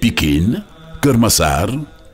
Pikine Kër Massar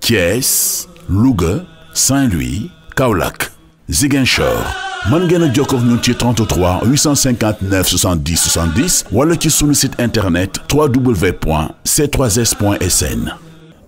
Thiès Louga Saint-Louis Kaolack Ziguinchor mën ngeen a jokkoo ak ñun ci 33 859 70 70 wala ci sunu site internet www.c3s.sn.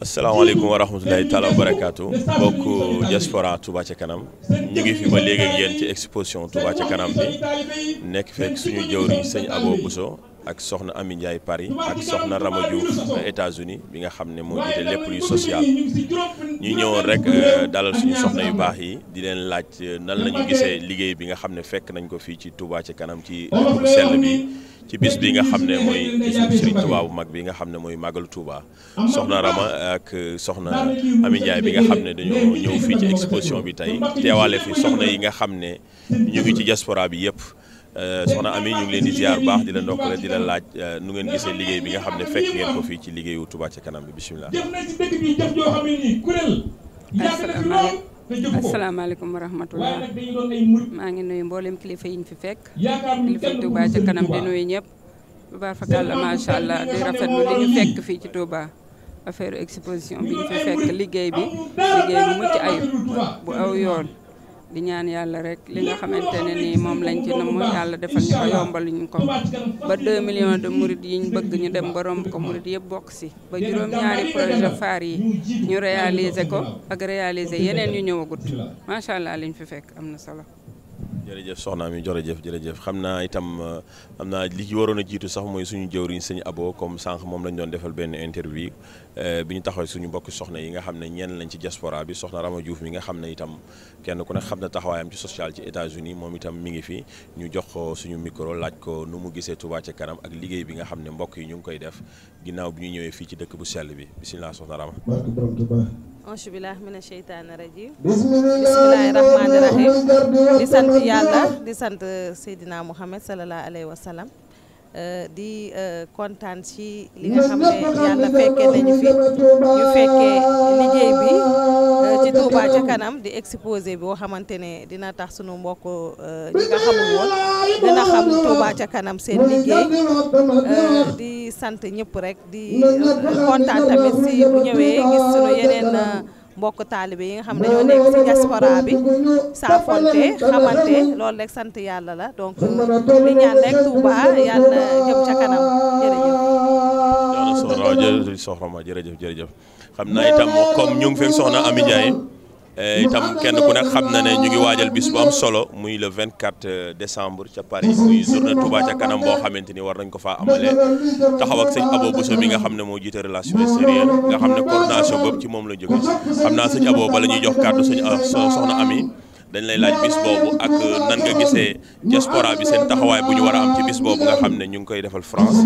asalaamaaleykum wa rahmatulahi taala wa barakaatu mbokk diaspora Touba ca kanam ñu ngi fi ba léegi ak yéen ci exposition Touba ca kanam bi nekk fekk suñu jëwriñ sëñ Abo Bousso. ak soxna Ami Ndiaye Paris ak soxna Rama Diouf États-Unis bi nga xam ne moo jiite lépp luy social ñuy ñëwoon rek euh, dalal suñu soxna yu baax yi di leen laaj euh, nan la ñu gisee liggéey bi nga xam ne fekk nañ ko fii ci Touba ci kanam ci bu sell bi ci bis bi nga xam ne mooy bisu Serigne mag bi nga xam ne mooy màggalu Touba soxna Rama ak euh, soxna Ami bi nga xam ne dañu ñëw fii ci exposition bi tey teewaale fi soxna yi nga xam ne ñu ngi ci diaspora bi yëpp. Euh, soxna Ami ñu ngi leen di ziar baax di la ndokkale laaj euh, nu ngeen gisee liggéey bi nga xam ne fekk ngeen ko fii ci liggéeyu Touba ca kanam bi bisimilah. asalaamaaleykum. asalaamaaleykum wa rahmatulah maa ngi nuyu mboolem kilifa yi ñu fi fekk kilifa Touba ca kanam di nuyu ñëpp Touba Fakala macha allah di rafetlu li ñu fekk fii ci Touba affaire exposition bi ñu fi fekk liggéey bi liggéey bu ci ayib bu aw yoon. di ñaan yàlla rek li nga xamante ne nii moom lañ ci namm yàlla defal ñu ko yombal ñu ko ba 2 millions de murid yi ñu bëgg ñu dem ba romb ko murid yëpp bokk si ba juróom-ñaari projet phare yi ñu réaliser ko ak réaliser yeneen yu ñëwagut macha allah liñ fi fekk am na solo. jërëjëf soxna mi jërëjëf jërëjëf xam naa itam euh, xam naa li ci waroon a jiitu sax mooy suñu jëwriñ sëñ abo comme sànq moom lañu doon defal benn interview euh, bi ñu taxaw suñu mbokki soxna yi nga xam ne ñenn lañ ci diaspora bi soxna Rama Diouf mi nga xam ne itam kenn ku ne xam ne taxawaayam ci social ci États-Unis moom itam mi ngi fi ñu jox ko suñu micro laaj ko nu mu gisee Touba ca kanam ak liggéey bi nga xam ne mbokk yi ñu ngi koy def ginnaaw bi ñu ñëwee fii ci dëkk bu sell bi bisimilah soxna Rama auzu billaahi mina sheytaani rajiim bismillaahi rahmaani rahiim di sant yàlla di sant Seydina Muhammad salallaahu alayhi wa sallam Euh, di euh, kontaan ci li nga xam ne yàlla fekkee nañu fi ñu fekkee liggéey bi euh, ci Touba ca kanam di exposé boo xamante ne dina tax sunu mbokk ñi nga xamul dina xam Touba ca kanam seen liggéey di sant ñëpp rek di kontaan tamit ci bu ñëwee gis sunu yeneen. mbokk taalibe yi nga xam ne dañoo nekk ci diaspora bi xamante loolu rek sant yàlla la donc di ñaan rek Touba yàlla jëm ca kanam jërëjëf. soxna waaw jërëjëf ma jërëjëf jërëjëf xam naa itam comme ñu ngi fekk soxna Eh, itam kenn ku nekk xam na ne ñu ngi waajal bis bu am solo muy le 24 euh, décembre ca Paris muy journée Touba ca kanam boo xamante ni war nañ ko faa amalee taxaw ak sëñ Abo so mi nga xam ne moo jiite relation extérieure nga xam ne coordination boobu ci moom la jóge xam naa sëñ Abo bala ñuy jox kàddu sëñ euh, na Ami dañ lay laaj bis boobu ak euh, nan nga gisee diaspora bi seen taxawaay bu ñu war a am ci bis boobu nga xam ne ñu ngi koy defal France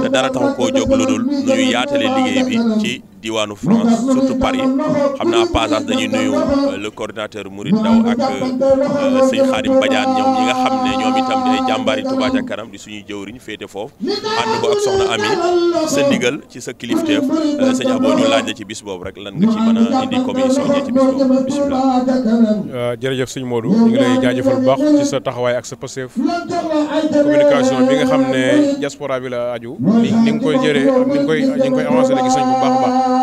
te dara taxu koo jóg lu dul nu ñu yaatale liggéey bi ci. diwaanu France surtout Paris xam naa passage dañuy nuyu euh, le coordinateur Mouride Ndaw ak euh, euh, sëñ Xaadim Badiane ñoom nga xam ne ñoom itam di ay jàmbaari Touba ca kanam suñuy jëwriñ féete foofu ànd ko ak soxna Ami sa ci sa kilifteef sëñ Abo la ci bis boobu rek lan nga ci mën a indi commission sëñ Modou ñu jaajëfal bu baax ci taxawaay ak sa pasteef communication bi nga xam ne diaspora la aju ni nga koy jëre ni nga koy ni nga koy avancé léegi sëñ bu baax baax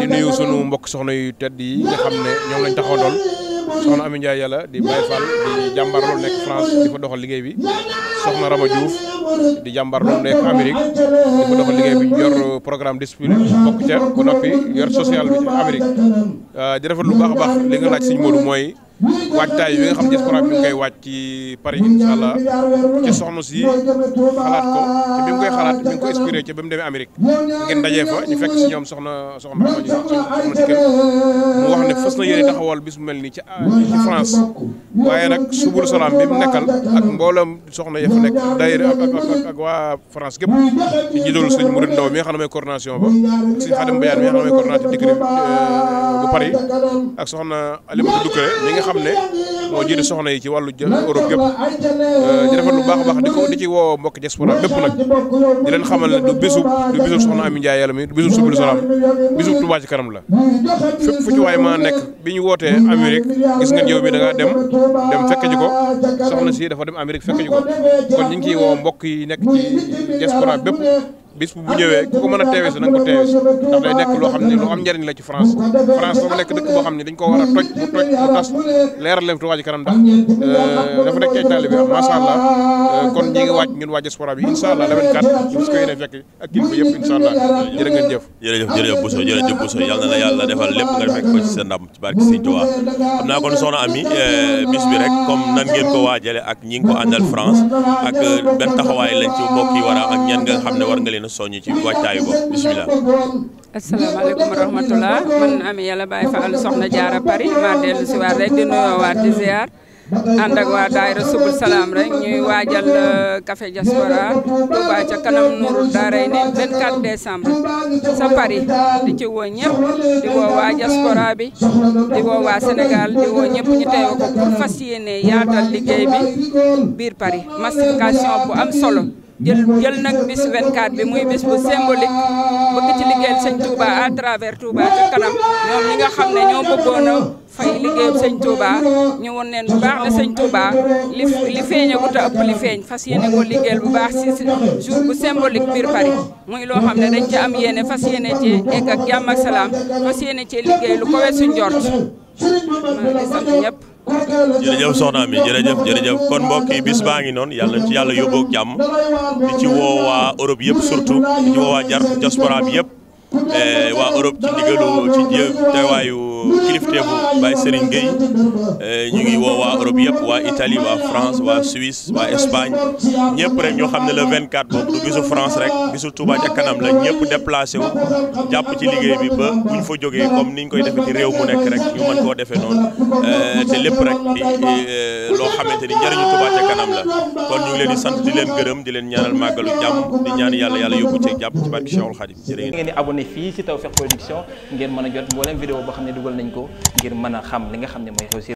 di nuyu sunu mbokk soxna yu tedd yi nga xam ne ñoom lañ taxaw doon soxna Amy Ndiaye yàlla di Baye Fall di jàmbar loolu nekk France di fa doxal liggéey bi soxna Rama di jàmbar loolu nekk Amérique di fa doxal liggéey bi yor programme discipline bokk ca ba noppi yor social bi ci ah, di rafet lu baax baax li nga laaj Sëñ Modou mooy waajtaay wi nga xam diaspora bi mi ngi koy waaj ci Paris incha allah ci si xalaat ko te bi xalaat mi ngi ko inspiré ci ba mu demee Amérique ngeen dajee ñu fekk si ñoom soxna soxna Amathou soxna si kër mu wax ne fës na yéene taxawal bis mu mel nii ci ah, ci France waaye nag subul salaam bi mu nekkal ak mbooloom soxna ya fa nekk daayira ak ak ak waa France gépp ci njiitalu sëñ Mouride Ndaw mi nga xam ne coordination ba ak sëñ Bayaan mi nga xam ne mooy coordinateur diggri euh, Paris ak soxna Alimatou Doucouré ne moo jiite soxna yi ci wàllu Europe yëpp euh, di defal lu baax a baax di ko di ci woo mbokk bépp nag di leen xamal ne du bisu du bisu soxna Amy Ndiaye yàlla mi du bisu Subul Salaam bisu Touba ci kanam la fépp fu ci waay maa nekk bi ñu wootee Amérique gis nga yow bi da dem dem fekk ji ko soxna si dafa dem Amérique fekk ji ko kon ñu ngi ciy woo mbokk yi nekk ci diaspora bépp bis bu ñëwee ku ko mën a teewee si na teewee si ndax day nekk loo xam ne lu am njëriñ la ci France France xam ne dañ ko war a toj mu toj leeral leen Touba Ca Kanam ndax euh, dafa nekk ay taalibe allah euh, kon ñi ngi waaj ñun bi incha allah le la defal lépp nga fekk ko ci sa ndam ci barke Sëñ Touba xam naa kon soxna Ami euh, bis bi rek comme nan ko waajale ak ñi ngi ko àndal France ak benn taxawaay lañ ci mbokk yi a ak ñan nga xam ne war nga leen leen a soññ ci waajtaayu bopp bisimilah. asalaamaaleykum wa rahmatulah man Ami yàlla bàyyi fa àll soxna jaara Paris maa si waat rek di nuyoowaat di ziar. ànd ak waa daayira subul salaam rek ñuy waajal euh, café diaspora Touba ca kanam Nuurul waa diaspora bi di woo waa Sénégal di woo ñu teewoo ko fas yéene yaatal liggéey bi biir Paris massification bu am solo jël jël nag bis 24 bi muy bis bu symbolique bëgg ci liggéeyal sëñ Touba à travers Touba ca kanam ñoom ñi nga xam ne ñoo bëggoon a fay liggéeyam sëñ Touba ñu woon neen bu baax ne sëñ Touba li li feeñagu te ëpp li feeñ fas yéene ko liggéeyal lu baax si jour bu symbolique biir Paris muy loo xam ne dañ ci am yéene fas yéene ci egg ak jàmm ak salaam fas yéene ci liggéey lu ko weesu njort maa ngi jërëjëf soxna mi jërëjëf jërëjëf kon mbokk yi bis baa ngi noonu yàlla ci ci woo waa Europe yëpp surtout di ci woo waa jar diaspora bi yëpp eh, waa Europe ci ndigalu ci teewaayu kilifteefu Baye Serigne Gueye eh, ñu ngi woo waa Europe yëpp waa Italie waa France waa Suisse waa Espagne ñëpp rek ñoo xam ne le 24 boobu du France rek bisu Touba ca kanam la ñëpp déplacé jàpp ci liggéey bi ba buñ fa jógee comme niñ koy defee ci réew mu nekk rek ñu mën koo defee noonu eh, te lépp rek di eh, loo xamante ni njëriñu Touba ca kanam la kon ñu ngi leen di sant di leen gërëm di leen ñaanal màggalu jàmm di ñaan yàlla yàlla yóbbu ci jàpp ci barke a nañ ko ngir mën a xam li nga xam ne mooy xew si